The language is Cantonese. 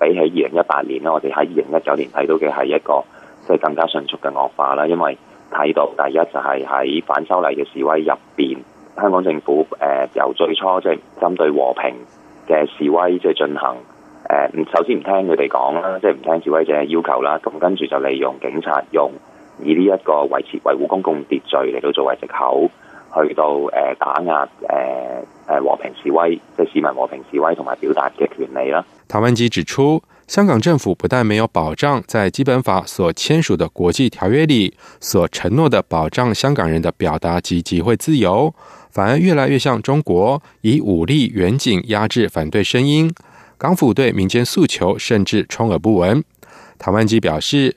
比起二零一八年咧，我哋喺二零一九年睇到嘅係一個即係更加迅速嘅惡化啦，因為睇到第一就係喺反修例嘅示威入邊，香港政府誒由最初即係針對和平嘅示威即係進行誒，首先唔聽佢哋講啦，即係唔聽示威者嘅要求啦，咁跟住就利用警察用以呢一個維持維護公共秩序嚟到作為借口。去到誒、呃、打壓誒誒和平示威，對市民和平示威同埋表達嘅權利啦。唐萬基指出，香港政府不但沒有保障在《基本法》所簽署的國際條約裡所承諾的保障香港人的表達及集會自由，反而越來越像中國以武力遠景壓制反對聲音。港府對民間訴求甚至充耳不聞。唐萬基表示。